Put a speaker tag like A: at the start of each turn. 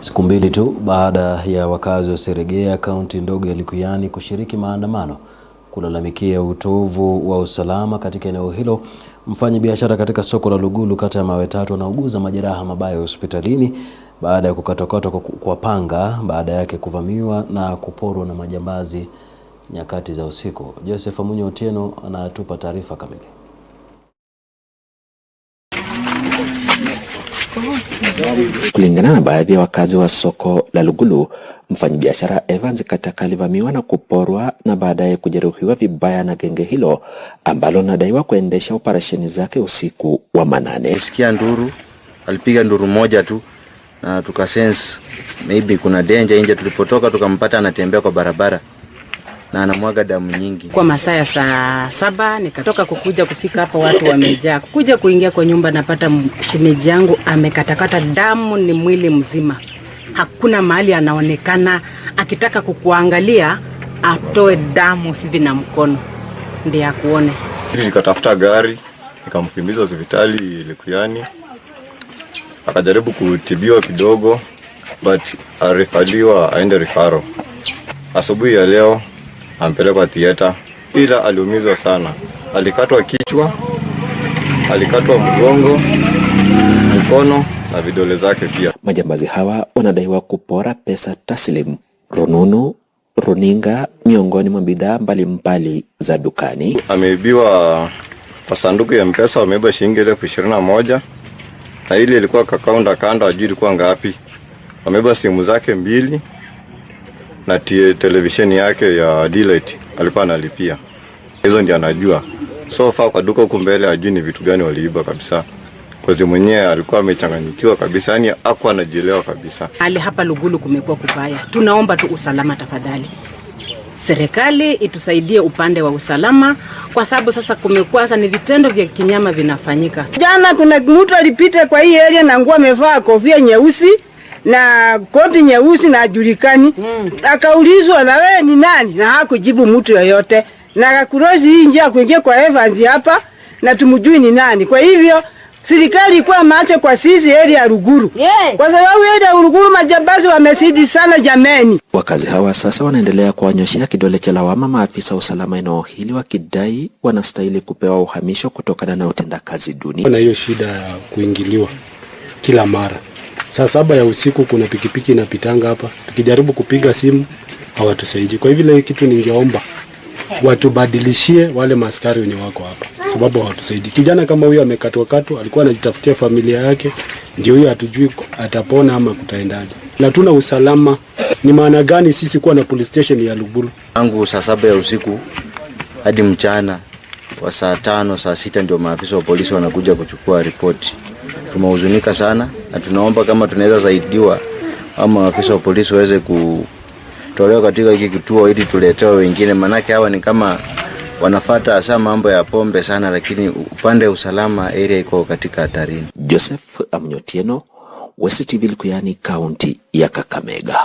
A: Siku mbili tu baada ya wakazi wa Seregea, kaunti ndogo ya Likuyani, kushiriki maandamano kulalamikia utovu wa usalama katika eneo hilo, mfanyabiashara katika soko la Lugulu kata ya Mawe Tatu anauguza majeraha mabaya hospitalini baada ya kukatwakatwa kwa panga baada yake kuvamiwa na kuporwa na majambazi nyakati za usiku. Joseph Amunyo Otieno anatupa taarifa kamili. Kulingana na baadhi ya wakazi wa soko la Lugulu, mfanyabiashara Evans Kataka alivamiwa na kuporwa na baadaye kujeruhiwa vibaya na genge hilo ambalo nadaiwa kuendesha operesheni zake usiku wa manane.
B: Sikia nduru, alipiga nduru moja tu na tukasense maybe kuna danger nje. Tulipotoka tukampata anatembea kwa barabara na anamwaga damu nyingi.
C: Kwa masaa ya saa saba nikatoka kukuja kufika hapa, watu wamejaa. Kukuja kuingia kwa nyumba, napata shemeji yangu amekatakata damu, ni mwili mzima, hakuna mahali anaonekana. Akitaka kukuangalia atoe damu hivi na mkono ndi akuone.
B: Nikatafuta gari nikamkimbiza hospitali Likuyani, akajaribu kutibiwa kidogo, but arifaliwa aende rifaro. Asubuhi ya leo ampelekwa theater, ila aliumizwa sana. Alikatwa kichwa, alikatwa mgongo, mkono na vidole zake pia.
A: Majambazi hawa wanadaiwa kupora pesa taslim, rununu, runinga, miongoni mwa bidhaa mbalimbali za dukani.
B: Ameibiwa kwa sanduku ya mpesa, wameiba shilingi elfu ishirini na moja na ile ilikuwa kakaunda kando, ajui ilikuwa ngapi. Wameiba simu zake mbili na televisheni yake ya Delight alikuwa analipia. Hizo ndio anajua. So far kwa duka huko mbele ajui ni vitu gani waliiba kabisa. Kwazi mwenyewe alikuwa amechanganyikiwa kabisa, yani hakuwa anajielewa kabisa.
C: Hali hapa Lugulu kumekuwa kubaya. Tunaomba tu usalama tafadhali. Serikali itusaidie upande wa usalama, kwa sababu sasa kumekuwa sasa ni vitendo vya kinyama vinafanyika.
D: Jana kuna mtu alipita kwa hii area na nguo amevaa kofia nyeusi na koti nyeusi na ajulikani mm. Akaulizwa na wewe ni nani, na hakujibu mtu yoyote, na akakurozi hii njia kuingia kwa Evans hapa na tumjui ni nani. Kwa hivyo serikali ilikuwa macho kwa sisi heri ya Ruguru yeah. Kwa sababu heri ya Ruguru majambazi wamesidi sana jameni.
A: Wakazi hawa sasa wanaendelea kuwanyoshea kidole cha lawama maafisa wa usalama eneo hili wakidai wanastahili kupewa uhamisho kutokana na utendakazi duni.
B: Kuna hiyo shida ya kuingiliwa kila mara saa saba ya usiku kuna pikipiki inapitanga hapa, tukijaribu kupiga simu hawatusaidii. Kwa hivyo hii kitu ningeomba watubadilishie wale maskari wenye wako hapa, sababu hawatusaidii. Kijana kama huyo amekatwakatwa, alikuwa anajitafutia familia yake, ndio huyo, hatujui atapona ama kutaendaje,
E: na tuna usalama. Ni maana gani sisi kuwa na police station ya Lubulu?
B: Tangu saa saba ya usiku hadi mchana wa saa tano saa sita ndio maafisa wa polisi wanakuja kuchukua ripoti. Tumehuzunika sana na tunaomba kama tunaweza saidiwa ama maafisa wa polisi waweze kutolewa katika hiki kituo ili tuletewe wengine, manake hawa ni kama wanafata hasa mambo ya pombe sana, lakini upande wa usalama area iko katika hatarini.
A: Joseph Amnyotieno, West TV, Likuyani, kaunti ya Kakamega.